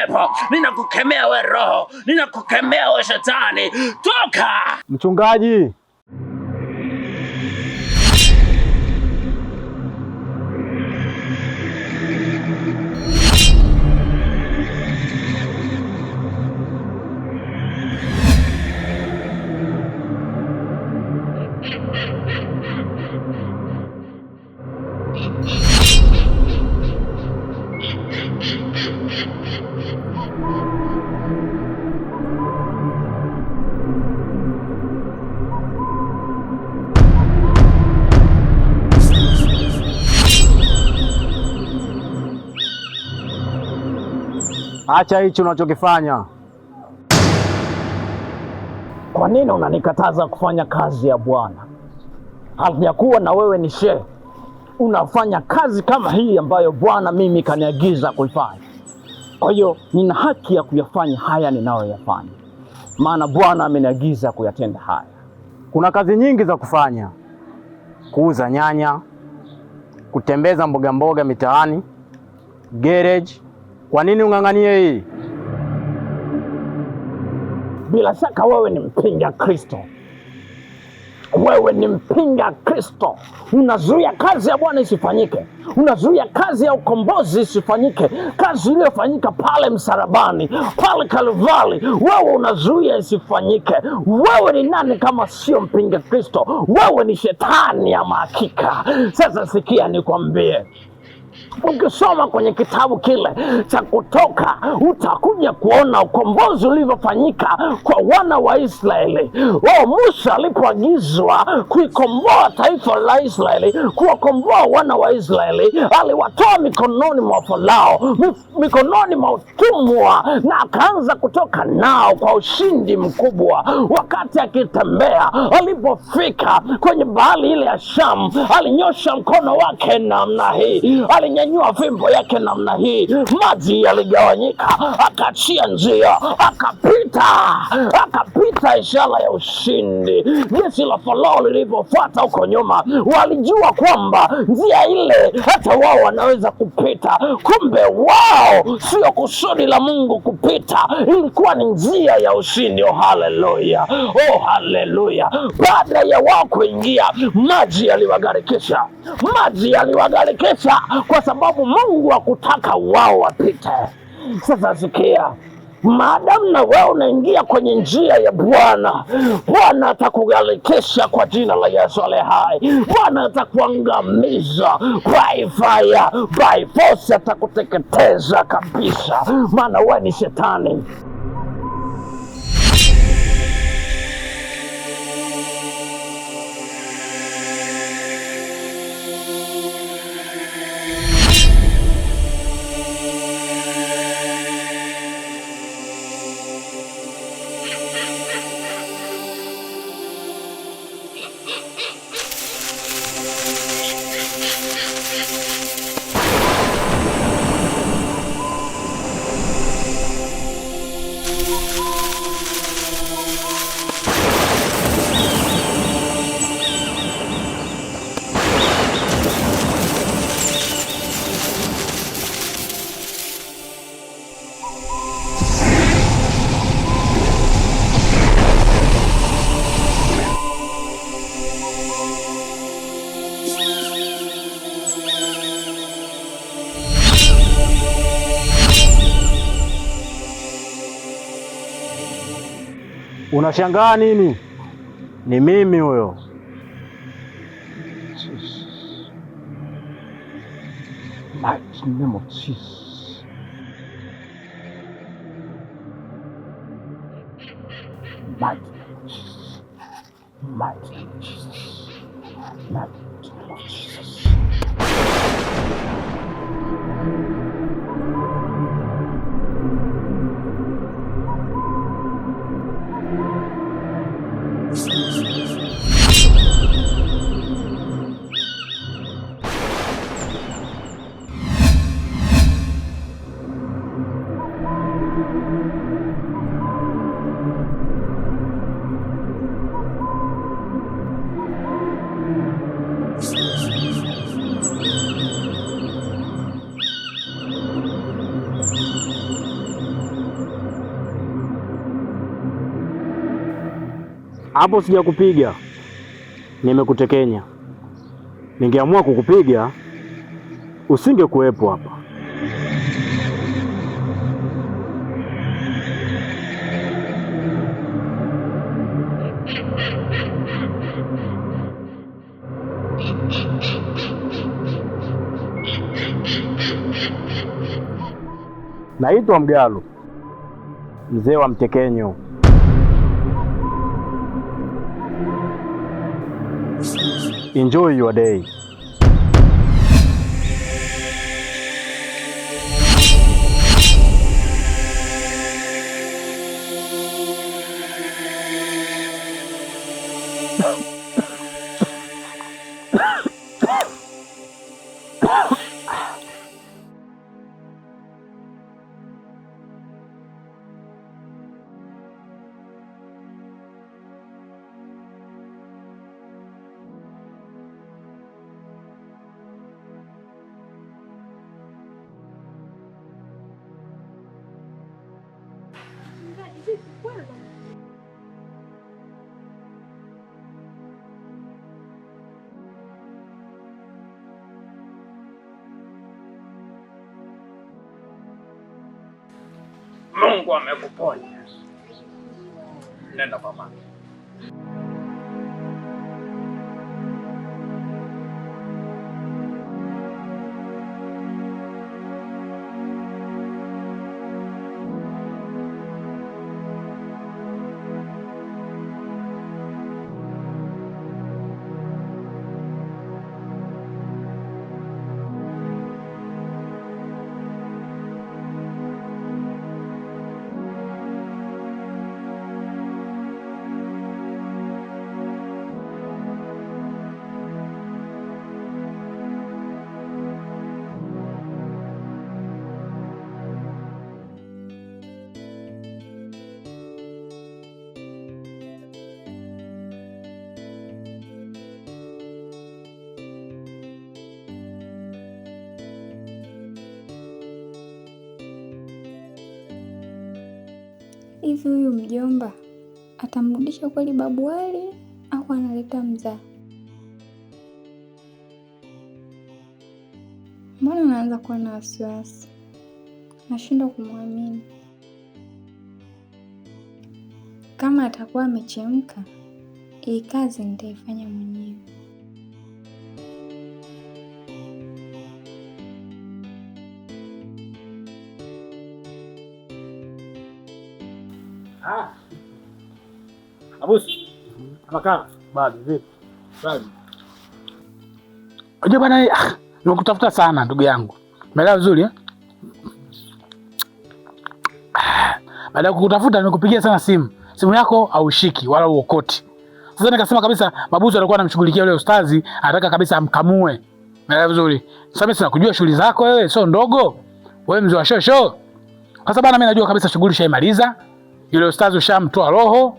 pepo, ninakukemea we roho, ninakukemea we shetani, toka! Mchungaji. Acha hicho unachokifanya. Kwa nini unanikataza kufanya kazi ya Bwana? kuwa na wewe ni shehe, unafanya kazi kama hii ambayo Bwana mimi kaniagiza kuifanya. Kwa hiyo nina haki ya kuyafanya haya ninayoyafanya, maana Bwana ameniagiza kuyatenda haya. Kuna kazi nyingi za kufanya: kuuza nyanya, kutembeza mbogamboga mitaani, gereji kwa nini ung'ang'anie hii? Bila shaka wewe ni mpinga Kristo, wewe ni mpinga Kristo. Unazuia kazi ya Bwana isifanyike, unazuia kazi ya ukombozi isifanyike, kazi iliyofanyika pale msalabani, pale Kalvari, wewe unazuia isifanyike. Wewe ni nani kama sio mpinga Kristo? Wewe ni shetani ya mahakika. Sasa sikia nikwambie Ukisoma kwenye kitabu kile cha Kutoka utakuja kuona ukombozi ulivyofanyika kwa wana wa Israeli. Wao oh, Musa alipoagizwa kuikomboa taifa la Israeli, kuwakomboa wana wa Israeli, aliwatoa mikononi mwa Farao, mikononi mwa utumwa, na akaanza kutoka nao kwa ushindi mkubwa. Wakati akitembea, alipofika kwenye bahari ile ya Shamu, alinyosha mkono wake namna hii alinyanyua fimbo yake namna hii, maji yaligawanyika, akachia njia, akapita, akapita, ishara ya ushindi. Jeshi la Farao lilivyofuata huko nyuma, walijua kwamba njia ile hata wao wanaweza kupita. Kumbe wao sio kusudi la Mungu kupita, ilikuwa ni njia ya ushindi. Oh, haleluya! Oh, haleluya! Baada ya wao kuingia, maji yaliwagarikisha, maji yaliwagarikisha kwa sababu Mungu hakutaka wao wapite. Sasa sikia, maadamu na wewe unaingia kwenye njia ya Bwana, Bwana atakughalikisha kwa jina la Yesu ale hai. Bwana atakuangamiza kwa ifaya, by force, atakuteketeza kabisa, maana wewe ni shetani. Unashangaa nini? Ni mimi huyo. hapo kupiga nimekutekenya. Ningeamua kukupiga usingekuwepo hapa. Naitwa Mgalo, mzee wa mtekenyo. Enjoy your day. Mungu amekuponya, nenda kwa mama. hivi huyu mjomba atamrudisha kweli babu wale au analeta mzaa? Mbona naanza kuwa na wasiwasi, nashindwa kumwamini. Kama atakuwa amechemka, hii kazi nitaifanya mwenyewe. Abusi. Makanga. Bado vipi? Bado. Unajua bwana, ah, nakutafuta sana ndugu yangu. Umeelewa vizuri eh? Baada ya kukutafuta nimekupigia sana simu. Simu yako haushiki wala uokoti. Sasa nikasema kabisa Mabusu alikuwa anamshughulikia yule ustazi, anataka kabisa amkamue. Umeelewa vizuri? Sasa mimi sinakujua shughuli zako wewe, sio ndogo. Wewe mzee wa shosho. Sasa bana, mimi najua kabisa shughuli shaimaliza. Yule ustazi ushamtoa roho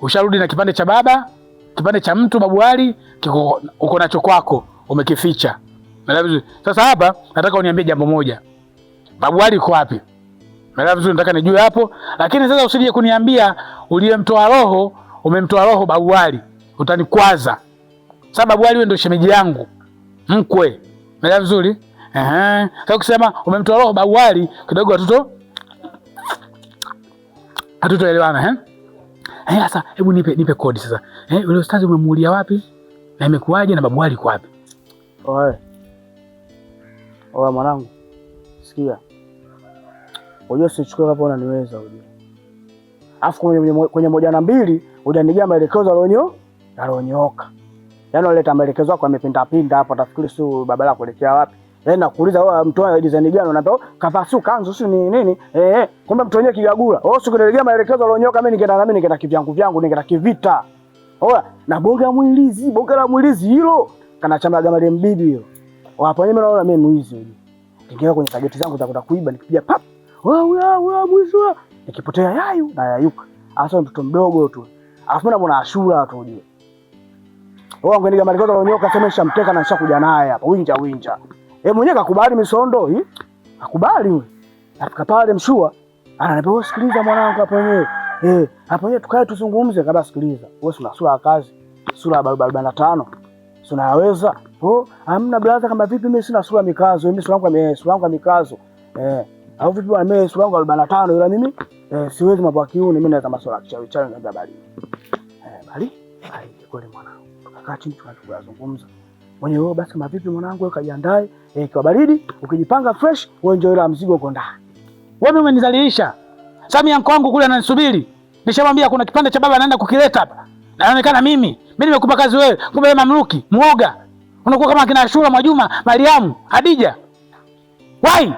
usharudi na kipande cha baba, kipande cha mtu babu Ali, uko nacho kwako, umekificha. Naelewa vizuri. Sasa hapa nataka uniambie jambo moja, babu Ali uko wapi? Naelewa vizuri, nataka nijue hapo, lakini sasa usije kuniambia uliyemtoa roho umemtoa roho babu utanikwaza. Sasa babu wewe ndio shemeji yangu mkwe, naelewa vizuri. Ehe, sasa ukisema umemtoa roho babu kidogo, watoto hatutoelewana eh Eh, sasa hebu nipe nipe kodi sasa. Eh, yule ustazi umemuulia wapi? Na imekuwaje na babu kwa wapi? Oe. Oe mwanangu. Sikia. Unajua sichukue hapo niweza unajua. Alafu kwenye kwenye moja na mbili ujanijia maelekezo alionyo alionyoka. Yaani unaleta maelekezo yako amepinda pinda hapo, tafikiri si baba la kuelekea wapi? eh, nakuuliza wewe oh, mtu wao design gani? Unaambia kavaa suka kanzu si nini? Eh, eh, kumbe mtu wenyewe kigagula. Oh, siku nilegea maelekezo alionyoka, mimi ningeenda na mimi ningeenda kivyangu vyangu, ningeenda kivita. Oya, oh, na boga la mwilizi, boga la mwilizi hilo kana chama gama ile mbibi hilo. Oh, hapo mimi naona mimi mwizi huyu. Ningeenda kwenye target zangu za kwenda kuiba nikipiga pap. Wewe wewe mwizi wewe. Nikipotea yayu na yayuka. Hasa ah, mtoto mdogo tu. Alafu mimi naona ashura tu ujue. Wewe ungeniga maelekezo alionyoka, semesha mteka na nishakuja naye hapa. Winja winja. Eh, mwenyewe kakubali misondo hii. Akubali wewe. Afika pale mshua, ananiambia sikiliza mwanangu hapo wewe. Eh, hapo wewe tukae tuzungumze kabla sikiliza. Wewe una sura ya kazi. Sura ya arobaini na tano. Unaweza? Oh, hamna blaza kama vipi mimi sina sura mikazo. Mimi sura yangu ni sura yangu ni mikazo. Eh, au vipi bwana mimi sura yangu arobaini na tano mimi eh, siwezi mambo ya kiuni mimi naweza masuala ya chawi chawi na habari. Eh, bali. Ai, kweli mwanangu. Tukakaa chini tukazungumza. Mwenye wewe basi mavipi mwanangu, wewe kajiandae, eh, kwa baridi, ukijipanga fresh, wewe ndio ile mzigo uko ndani. Wewe umenizalilisha. Samia mko wangu kule ananisubiri. Nishamwambia kuna kipande cha baba anaenda kukileta hapa. Na inaonekana mimi, mimi nimekupa kazi wewe, kumbe wewe mamluki, muoga. Unakuwa kama kina Ashura, Mwajuma, Mariamu, Hadija. Why?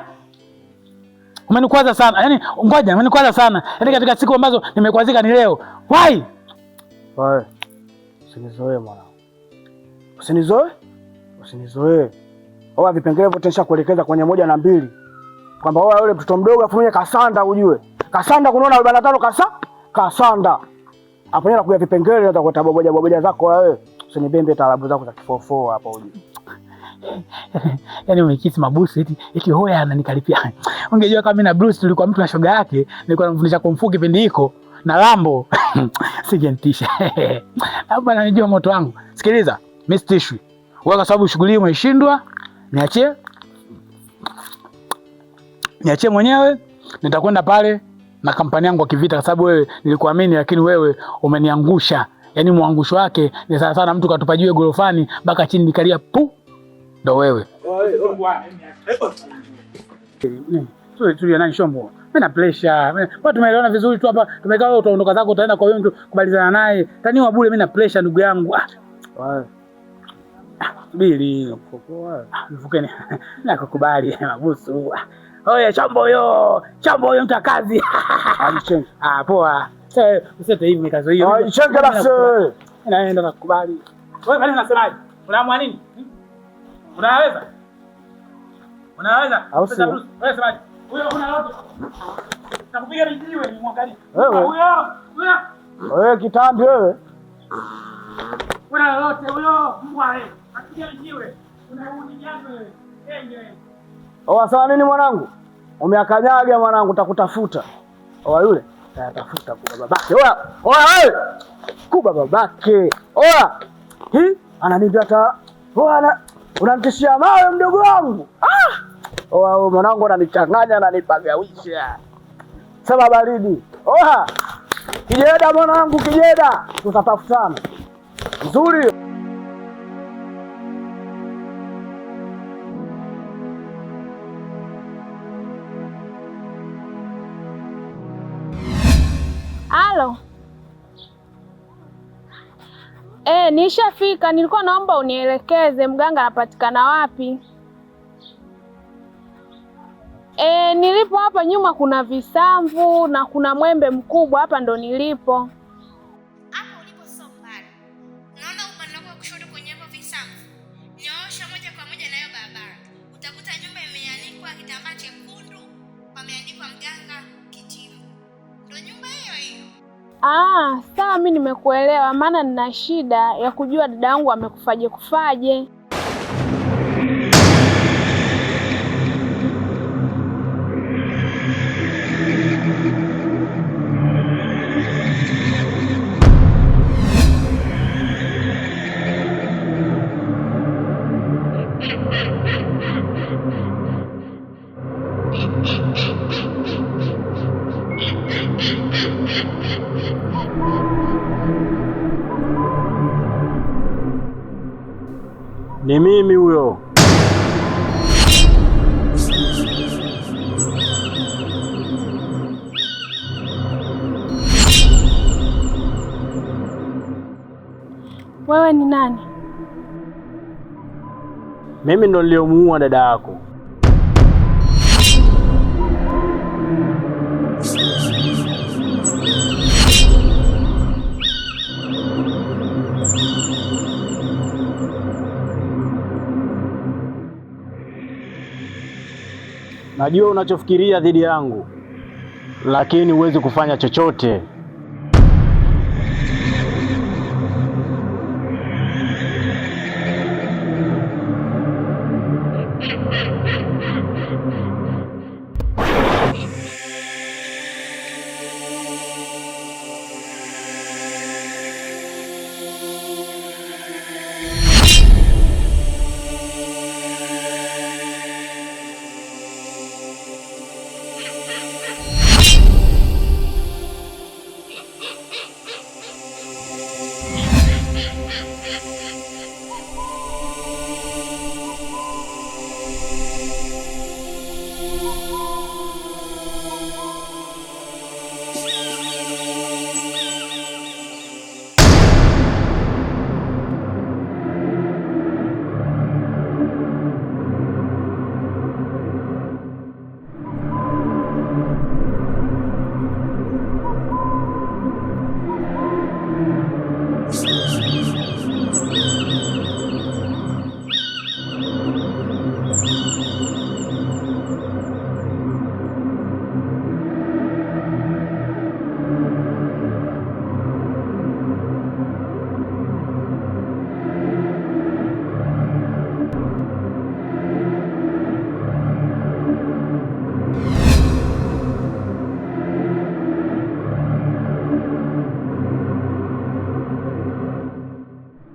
Umenikwaza sana. Yaani ngoja, umenikwaza sana. Yaani katika siku ambazo nimekwazika ni leo. Why? Why? Usinizoe mwanangu. Usinizoe? Usinizoee. Oa vipengele vyote nisha kuelekeza kwenye moja na mbili kwamba oa yule mtoto mdogo afunye kasanda ujue. Kasanda kunaona tano kasa kasanda. Hapo ndio kuja vipengele utakuta boboja boboja zako wewe. Usinibembe taarabu zako za kifofo hapo ujue. Yaani umekisi mabusu eti eti hoya ananikalipia. Ungejua kama mimi na Bruce tulikuwa mtu na shoga yake, nilikuwa namfundisha kumfu pindi iko na Lambo. Sijentisha. Hapa ananijua moto wangu. Sikiliza, mimi sitishwi kwa kwa sababu shughuli imeshindwa, niachie niachie mwenyewe, nitakwenda pale na kampani yangu ya kivita, kwa sababu wewe nilikuamini, lakini wewe umeniangusha. Yaani mwangusho wake ni sana sana mtu katupa jiwe gorofani mpaka chini nikalia pu, ndo wewe shombo. Mimi na pressure. Kwa tumeelewana vizuri tu hapa. Tumekaa wewe utaondoka zako utaenda kwa yule mtu kubalizana naye. Taniwa bure mimi na pressure ndugu yangu. Ah subiri nakukubali mabusu. Oye chambo yo, chambo huyo mtakazi. Ah, poa. usete hivi mikazo hiyo. Aichenga nafsi. Naenda nakukubali. Wewe bali unasemaje? Unaamua nini? Hmm? Unaweza? Unaweza? Wewe semaje? Huyo kuna lote. Nakupiga mijiwe ni mwangalie. Wewe. Huyo. Wewe kitambi wewe. Kuna lote huyo mbwa wewe. Wasema oh, nini mwanangu? Umeakanyaga mwanangu, takutafuta. Oa oh, yule tayatafuta kuba babake. Oa, oa wewe. Kuba babake. Oa. Hii ananiambia ta. Oa ana unanitishia mawe mdogo wangu. Ah! Oa wewe mwanangu ananichanganya ananipagawisha. Sema baridi. Oa. Kijeda mwanangu kijeda, tutatafutana. Nzuri. E, nishafika. Nilikuwa naomba unielekeze mganga anapatikana wapi? E, nilipo hapa nyuma kuna visamvu na kuna mwembe mkubwa, hapa ndo nilipo. Ah, sawa, mi nimekuelewa, maana nina shida ya kujua dada yangu amekufaje kufaje. Ni mimi huyo. Wewe ni nani? Mimi ndo niliyomuua dada yako. najua unachofikiria dhidi yangu, lakini huwezi kufanya chochote.